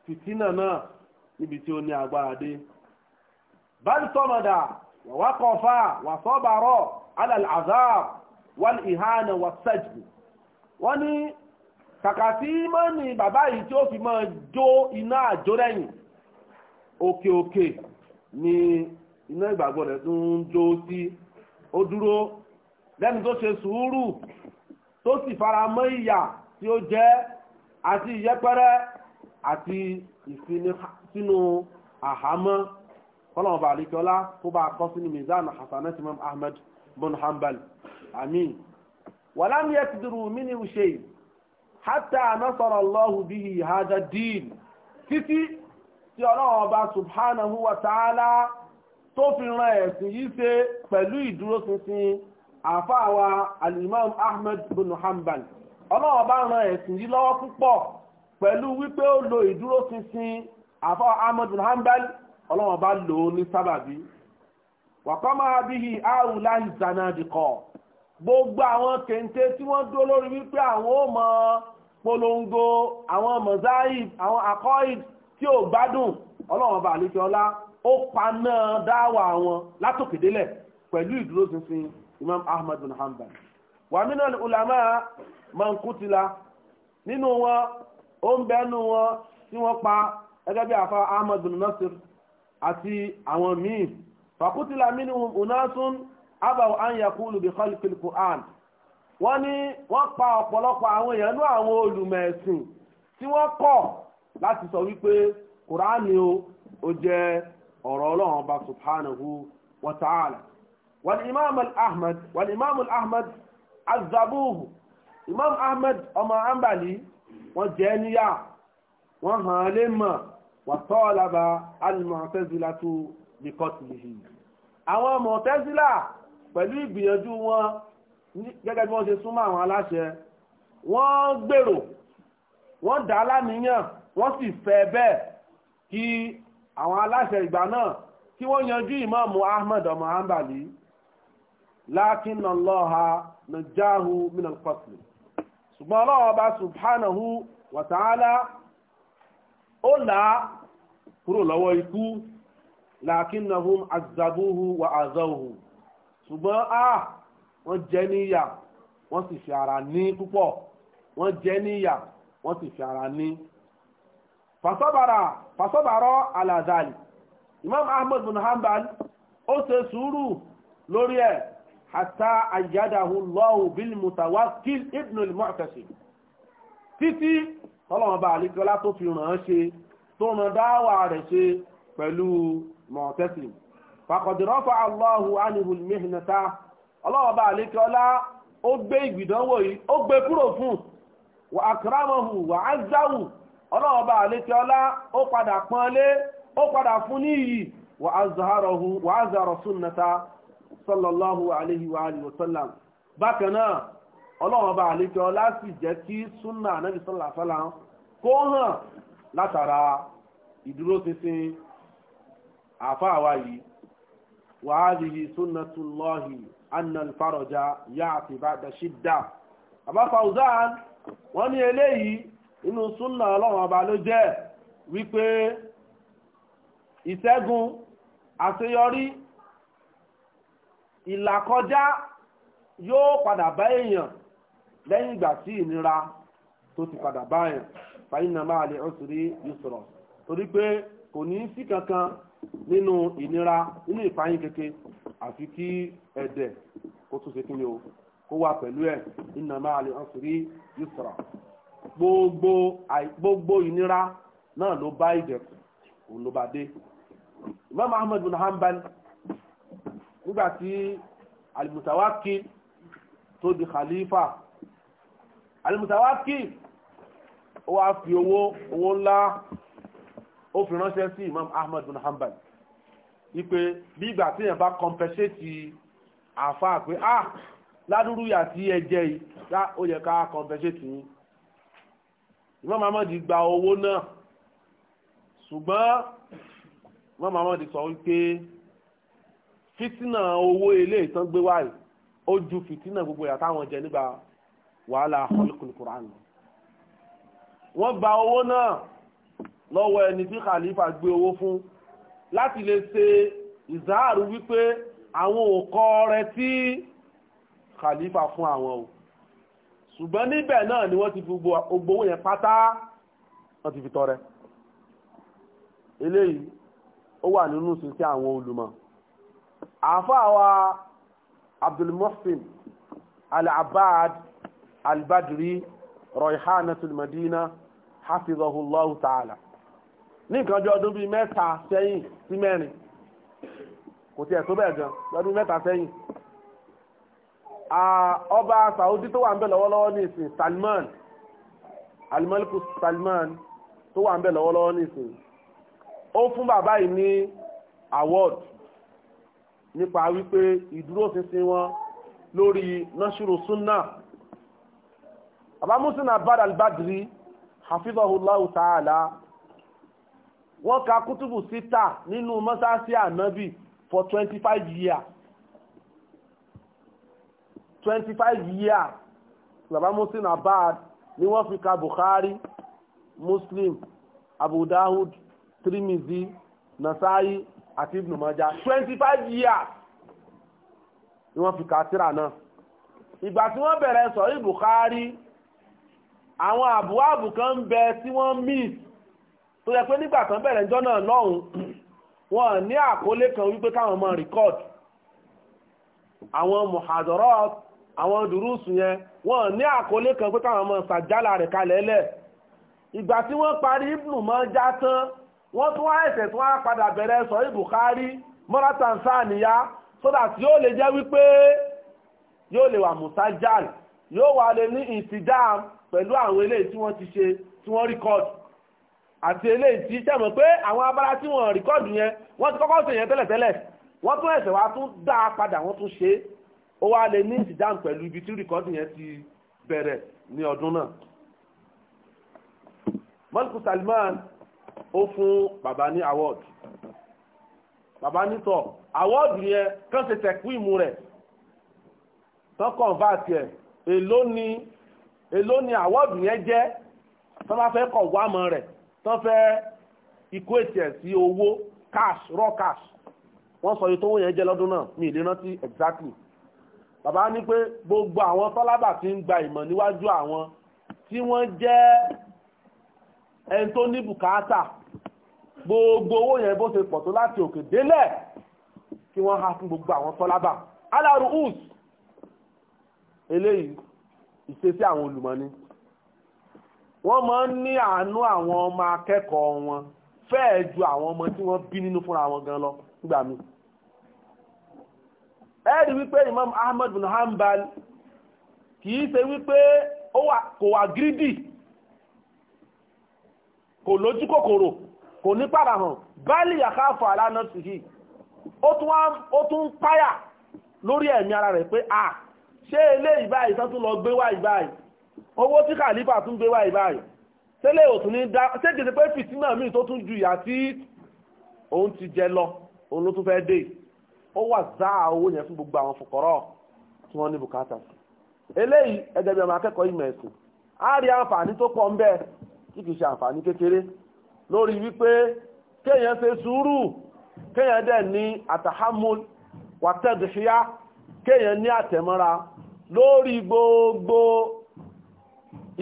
fìtínà náà níbi tí ó ní agbára dé báyìí sọmọdà wà kọfà wà sọbàrọ alàlẹ azab wàl ìhánà wà sẹjù wọn ní kàkà tí mọ́ni bàbá yìí tí ó fi máa jó iná àjórẹ́yìn òkè òkè ni iná ìgbàgbọ́ rẹ̀ tún ń jó sí ó dúró lẹ́nu tó ṣe sùúrù tó sì fara mọ́ ìyà tí ó jẹ́ àti ìyẹpẹrẹ àti ìfinisínú àhámọ́ kọ́lọ̀ọ̀bà àríkọ́lá kó bá kọ́ sínú mizan hasanat imam ahmed bin hanbal amin wàlám yẹ ti dùrù mí ní ṣe hátà nasara allahu bihi hada din títí tí ọlọ́ọ̀bà subhanahu wa ta'ala tó fi ran ẹ̀sìn yìí ṣe pẹ̀lú ìdúróṣinṣin àfáàwà alimam ahmed bin hanbal ọlọ́wọ́ bá ran ẹ̀sìn yìí lọ́wọ́ púpọ̀ pẹ̀lú wípé ó lo ìdúróṣinṣin àfáà ahmed bin hanbal ọlọ́wọ́ bá lò ó ní sábàbí wàkọ́mọ́ abihi ahùláhi zanadikọ̀ gbogbo àwọn kente tí wọ́n dúró lórí wípé àwọn ò mọ polongo àwọn mozaib àwọn akọ́id tí ò gbádùn ọlọ́wọ́n bá àlejò ọlá ó paná dáwà wọn látòkèdélẹ̀ pẹ̀lú ìdúróṣinṣin imam ahmad bin hanbal wa min ulama man kutila nínú wọn ó ń bẹnu wọn tí wọ́n pa gẹ́gẹ́ bí àfa ahmad bin nasir àti àwọn míì fakutila minhum unasun abaw anyakulu yakulu bi khalqil qur'an wọ́n ní wọ́n pa ọ̀pọ̀lọpọ̀ àwọn èèyàn ní àwọn olùmẹ̀sìn tí wọ́n kọ̀ láti sọ wípé kùránì o ó jẹ́ ọ̀rọ̀ ọlọ́run ọba subhanahu wa ta'ala والإمام الأحمد والإمام الأحمد عذبوه Imam أحمد ọmọ ambali wọ́n jẹ́ níyà wọ́n hàn lè mọ̀ wà tọ́ọ̀lába al-Mu'tazila tó bíkọ́tìlì àwọn Mu'tazila pẹ̀lú ìgbìyànjú wọn gẹ́gẹ́ bí wọ́n ṣe súnmọ́ àwọn aláṣẹ wọ́n gbèrò wọ́n dá láníyàn wọ́n sì fẹ́ bẹ́ẹ̀ kí àwọn aláṣẹ ìgbà náà kí wọ́n yanjú Imam Ahmed ọmọ ambali lakin allaha najahu min alqatl ṣùgbọ́n ọlọ́wọ́ bá subhanahu wa ta'ala ó là kúrò lọ́wọ́ ikú lakinnahum azabuhu wa azawhu ṣùgbọ́n a wọ́n jẹ níyà wọ́n sì fi ara ní púpọ̀ wọ́n jẹ níyà wọ́n sì fi ara ní fasabara fasabara imam ahmad bin hanbal ó ṣe sùúrù lórí ẹ̀ hatta ayyadahu Allahu bil mutawakkil ibn al-mu'tasim títí ọlọ́run bá àlékọ́lá tó fi ràn án ṣe tó ràn dáwà rẹ̀ ṣe pẹ̀lú mu'tasim faqad rafa'a Allahu anhu al-mihnata ọlọ́run bá àlékọ́lá ó gbé ìgbìdánwò yìí ó gbé kúrò fún wa akramahu wa azzahu ọlọ́run bá àlékọ́lá ó padà pọ́nlé ó padà fún níyì wa azharahu wa azhara sunnata sallallahu alayhi wa alihi wa sallam bákan náà ọlọ́run bá àlejò láti jẹ́ kí súnà anábì sallallahu alayhi wa sallam kó hàn látara ìdúró ṣinṣin àfáà wa yìí wa hadhihi sunnatullahi anna al-faraja ya'ti ba'da shidda Aba Fawzan wọ́n ní eléyìí inú súnà ọlọ́run ọba ló jẹ́ wípé ìṣẹ́gun àṣeyọrí ìlàkọjá yóò padà bá èèyàn lẹ́yìn ìgbà tí ìnira tó ti padà bá èèyàn fàyínà máa lè ọ̀sùrí yusra torí pé kò ní sí kankan nínú ìnira nínú ìfàyín keke àfi kí ẹ̀dẹ̀ kó tún ṣe kíni o kó wà pẹ̀lú ẹ̀ ìnà máa lè ọ̀sùrí yusra gbogbo gbogbo ìnira náà ló bá ìdẹ̀kùn òun ló bá dé Imam Ahmad bin Hanbal nígbà tí alimutawakil tó di khalifa alimutawakil ó wá fi owó owó ńlá ó fi ránṣẹ́ sí imam ahmed bin hanbal wípé bí ìgbà tí èèyàn bá kọmpẹ́ṣẹ́tì àfáà pé ah ládùúrú yà tí ẹ jẹ yìí ó yẹ ká kọmpẹ́ṣẹ́tì yín imam ahmed gba owó náà ṣùgbọ́n imam ahmed sọ wípé. Fitina owó ilé ìtàn gbé wáyé ó ju fìtínà gbogbo ìyà táwọn jẹ nígbà wàhálà khalqul Qur'an wọ́n gba owó náà lọ́wọ́ ẹni tí khalifa gbé owó fún láti lè ṣe ìzáàrú wípé àwọn òkọ rẹ tí khalifa fún àwọn o ṣùgbọ́n níbẹ̀ náà ni wọ́n ti fi gbogbo owó yẹn pátá wọ́n ti fi tọrẹ eléyìí ó wà nínú sí àwọn olùmọ̀ àfáàwà abdulmuhsin al-abbad al-badri raihanatul madina hafizahullahu ta'ala ní nǹkan jọ ọdún bíi mẹ́ta sẹ́yìn sí mẹ́rin kò tiẹ̀ tó bẹ́ẹ̀ gan lọ́dún mẹ́ta sẹ́yìn ọba saudi tó wà ń bẹ lọ́wọ́lọ́wọ́ ní ìsìn salman alimaliku salman tó wà ń bẹ lọ́wọ́lọ́wọ́ ní ìsìn ó fún bàbá yìí ní award nípa wípé ìdúróṣinṣin wọn lórí nọ́ṣúrò súnà bàbá musina bad hafizahullahu ta'ala wọ́n ka kútùbù síta nínú mọ́sáàsì ànábì for 25 years 25 years bàbá musina bad ni wọ́n fi ka bukhari muslim abu dawud tirimizi nasai àti Ibn Majah twenty five years ni wọ́n fi ka tírà náà ìgbà tí wọ́n bẹ̀rẹ̀ sọ Bukhari àwọn àbúwàbù kan ń bẹ tí wọ́n miss tó yẹ pé nígbà kan bẹ̀rẹ̀ ìjọ náà lọ́hùn wọn ní àkọlé kan wípé káwọn máa record àwọn muhadarat àwọn dùrúsù yẹn wọn ní àkọlé kan pé káwọn máa ṣàjálà rẹ̀ kalẹ̀ lẹ̀ ìgbà tí wọ́n parí Ibn Majah tán wọ́n tún wá ẹ̀sẹ̀ tún wá padà bẹ̀rẹ̀ sọ ibùkárí mọ́rátàn sáàníyá sódà tí yóò lè jẹ́ wípé yóò lè wà mùsájàn yóò wà lè ní ìsìdáàm pẹ̀lú àwọn eléyìí tí wọ́n ti ṣe tí wọ́n rìkọ́dù àti eléyìí tí sẹ́mọ̀ pé àwọn abala tí wọ́n rìkọ́dù yẹn wọ́n ti kọ́kọ́ ṣe yẹn tẹ́lẹ̀tẹ́lẹ̀ wọ́n tún ẹ̀sẹ̀ wá tún dá a padà wọ́n tún ṣe ó wá lè ní ìsìdáàm pẹ̀lú ibi tí rìkọ́dù yẹn ti bẹ̀rẹ̀ ní ọdún náà. mọ́lùkù Salman ó fún bàbá ní award bàbá ní tọ̀ award yẹn kàn ṣe tẹ̀kúìmù rẹ̀ tán convert ẹ̀ èló ni èló ni award yẹn jẹ́ tán bá fẹ́ kọ̀ wá mọ́ rẹ̀ tán fẹ́ ikú ètì ẹ̀ sí owó cash raw cash wọ́n sọ ètò owó yẹn jẹ́ lọ́dún náà mi ìlé rántí exactly bàbá ní pé gbogbo àwọn tọ́lábà tí ń gba ìmọ̀ níwájú àwọn tí wọ́n jẹ́ ẹni tó ní bùkátà gbogbo owó yẹn bó ṣe pọ̀ tó láti òkè délẹ̀ kí wọ́n há fún gbogbo àwọn tọ́lábà aláàrú us eléyìí ìṣesí àwọn olùmọ́ni wọ́n máa ń ní àánú àwọn ọmọ akẹ́kọ̀ọ́ wọn fẹ́ẹ̀ ju àwọn ọmọ tí wọ́n bí nínú fúnra wọn gan lọ nígbà mi ẹ̀rí wípé Imam Ahmad bin Hanbal kì í ṣe wípé kò wà gírídì kò lójú kòkòrò kò ní padà hàn báyìí àkáàfọ̀ àlànà sì hì ó tún páyà lórí ẹ̀mí ara rẹ̀ pé à ṣé eléyìí báyìí tán tún lọ gbé wá ìbáyìí owó tí kàlífà tún gbé wá ìbáyìí tẹ́lẹ̀ ò tún ní dá ṣé kìí pé fìtínà míì tó tún ju ìyà tí òun ti jẹ lọ òun ló tún fẹ́ dé ó wà záà owó yẹn fún gbogbo àwọn fòkọ́rọ́ tí wọ́n ní bùkátà sí eléyìí ẹ̀dẹ̀bẹ̀ akẹ́kọ̀ọ́ ìmọ̀ ẹ̀sìn á rí àǹfààní tó pọ̀ ń bẹ́ẹ̀ tí kìí ṣe àǹfààní kékeré lórí wípé kéèyàn ṣe sùúrù kéèyàn dẹ̀ ní àtàhámúl wàtẹ́dùṣíá kéèyàn ní àtẹ̀mọ́ra lórí gbogbo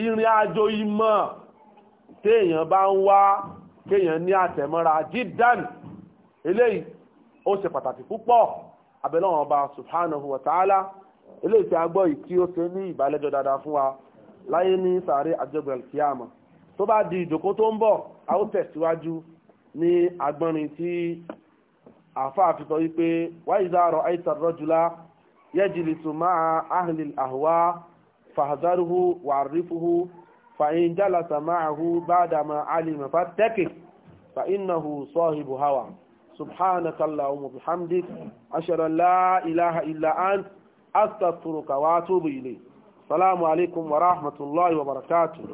ìrìn àjò ìmọ̀ téèyàn bá ń wá kéèyàn ní àtẹ̀mọ́ra jídán eléyìí ó ṣe pàtàkì púpọ̀ abẹ́lọ́wọ̀n ọba subhanahu wa ta'ala eléyìí tí a gbọ́ yìí tí ó ṣe ní ìbálẹ́jọ́ dáadáa fún wa láyé ní sàárè àjọgbẹ̀rẹ̀ kíyàmọ̀ tó bá di ìjòkó tó ń bọ̀ a ó tẹ̀síwájú ní agbọ́nrin tí àáfàá fi sọ wípé wáyíza rọ àìsàn rọjùlá yẹjìlì tùmá ahìlì àhùwá fàhàzárùhù wàrífùhù fàyín jálàtà máàhù bádàmà alìmọ̀ fàtẹ́kì fàínàhù sọ́hìbù hawa subhanaka allahumma bihamdik ashhadu an la ilaha illa ant astaghfiruka wa atubu ilayk salamu alaykum wa rahmatullahi wa barakatuh